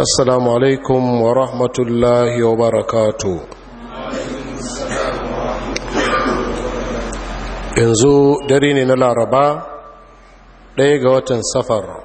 alaikum wa rahmatullahi wa وبركاته yanzu dare ne na laraba ɗaya ga watan safar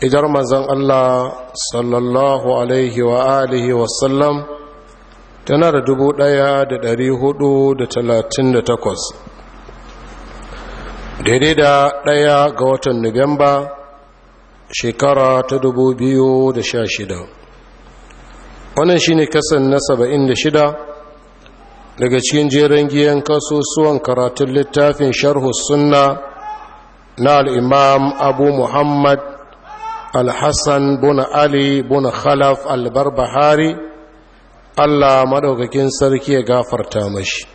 idan mazan allah sallallahu alaihi wa alihi tana da dubu ɗaya da ɗari hudu da talatin da takwas daidai da ɗaya ga watan nuwamba shekara ta dubu biyu da sha shida. wannan shine kasan na saba'in da shida daga cikin jeren giyan kasusuwan karatun littafin sharhu sunna na al'imam abu muhammad al-hassan buna ali buna khalaf al-barbahari allah maɗaukakin sarki ya gafarta mashi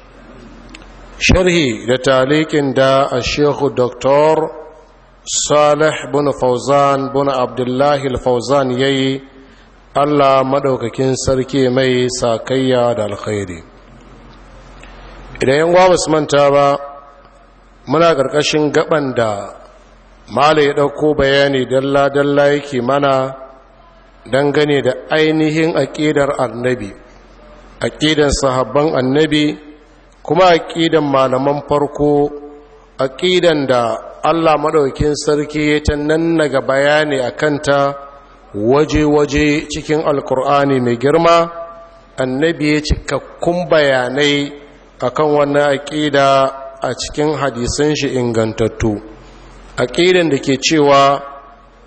sharhi da talikin da a shehu doktor salih bin fauzan bin abdullahi fauzan ya yi allah maɗaukakin sarki mai sakayya da alkhairi idan yin gwa manta ba muna ƙarƙashin gaban da mala ya ɗauko bayani dalla-dalla mana dangane da ainihin ƙidar annabi aƙidan sahabban annabi kuma aƙidan malaman farko aƙidan da Allah maɗaukin sarki ya ta nannaga bayani a kanta waje-waje cikin alkur'ani mai girma annabi ya cikakkun bayanai akan wannan aƙida a cikin hadisan shi ingantattu aƙidan da ke cewa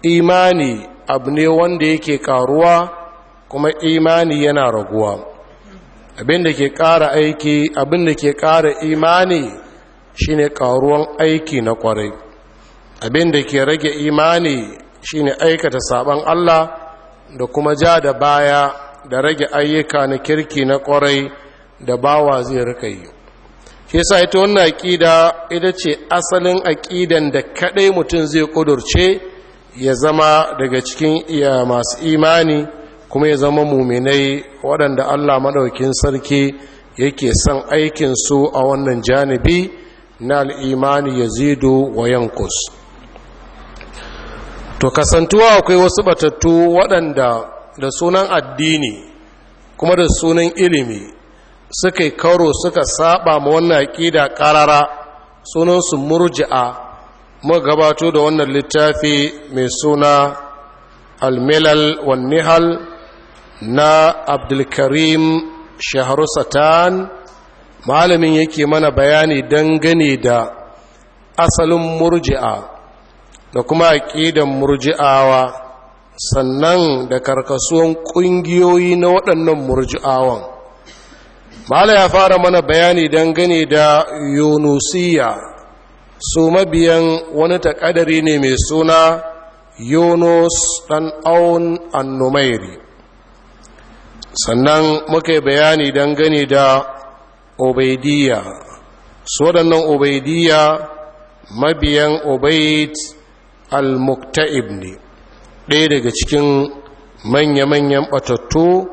imani abu ne wanda yake karuwa kuma imani yana raguwa abin da ke ƙara aiki abin ke ƙara imani shine karuwan aiki na ƙwarai abin da ke rage imani shine aikata saban Allah da kuma ja da baya da rage ayyuka na kirki na kwarai da bawa zai rika yi shi sa ita wannan aƙida ita ce asalin aƙidan da kaɗai mutum zai ƙudurce ya zama daga cikin iya masu imani kuma ya zama muminai waɗanda Allah maɗaukin sarki yake son aikinsu a wannan janibi na al'imani ya zido wa yankus to kasantuwa akwai wasu batattu waɗanda da sunan addini kuma da sunan ilimi suka yi karo suka saba ma wannan aƙida ƙarara sunansu murji'a muka gabato da wannan littafi mai suna almilal wan nihal na abdulkarim shaharu satan malamin yake mana bayani dangane da asalin murji'a da kuma aƙidan murji'awa sannan da karkasuwan ƙungiyoyi na waɗannan murji'awan mala ya fara mana bayani dangane da yunusiya su mabiyan wani takadari ne mai suna yunus ɗan aun annumairi sannan muka bayani dangane da obaidiyya su waɗannan obaidiyya mabiyan obaid al-muktaib ne ɗaya daga cikin manya-manyan ɓatattu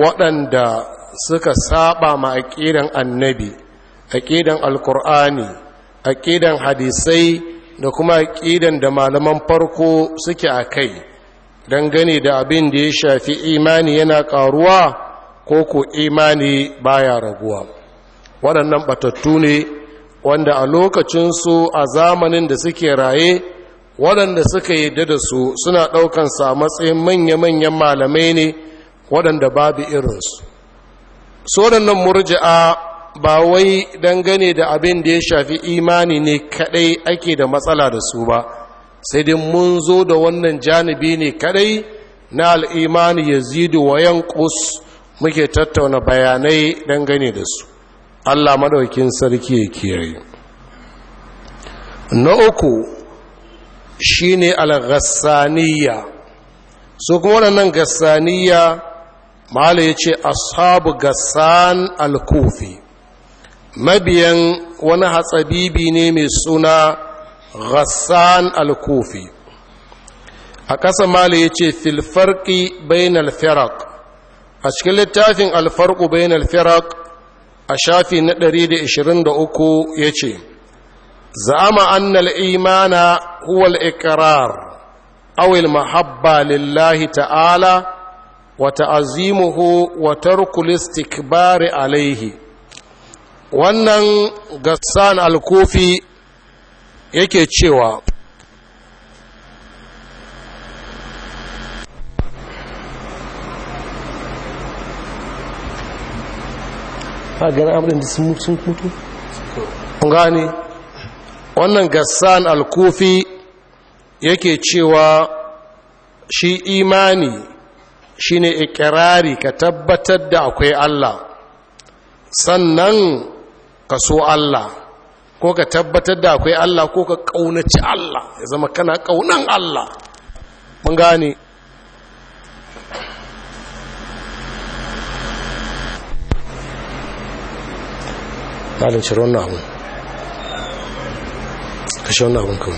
waɗanda suka saba ma aƙidan annabi aƙidan alkur'ani aƙidan hadisai da kuma ƙidan da malaman farko suke a kai dangane da abin da ya shafi imani yana ƙaruwa ko ko imani baya raguwa waɗannan ɓatattu ne wanda a lokacinsu a zamanin da suke raye waɗanda suka yi da su suna ɗaukan sa matsayin manya-manyan malamai ne waɗanda babu irinsu su waɗannan murji'a ba wai dangane da abin da ya shafi imani ne kaɗai ake da matsala da su ba sai dai mun zo da wannan janibi ne kaɗai na al'imani ya zidu wa yankus muke tattauna bayanai dangane da su allah maɗaukin sarki ya kiyaye na uku shine al-ghassaniya su kuma waɗannan gassaniya mala ya ce ashabu gassan al-kufi mabiyan wani hatsabibi ne mai suna ghassan al-kufi a ƙasa mala ya ce filfarki bayan al-firak a cikin littafin alfarku bayan al-firak a shafi na 123 ya ce za'ama annal imana huwa al-iqrar aw mahabba lillahi ta'ala wa ta'azimuhu wa tarku al-istikbar alayhi wannan gassan Alkofi kufi yake cewa ha wannan gassan alkufi yake cewa shi imani shi ne ikirari ka tabbatar da akwai Allah sannan ka so Allah ko ka tabbatar da akwai Allah ko ka kaunaci Allah ya zama kana kaunan Allah mun gane shirin na 可是，那文科。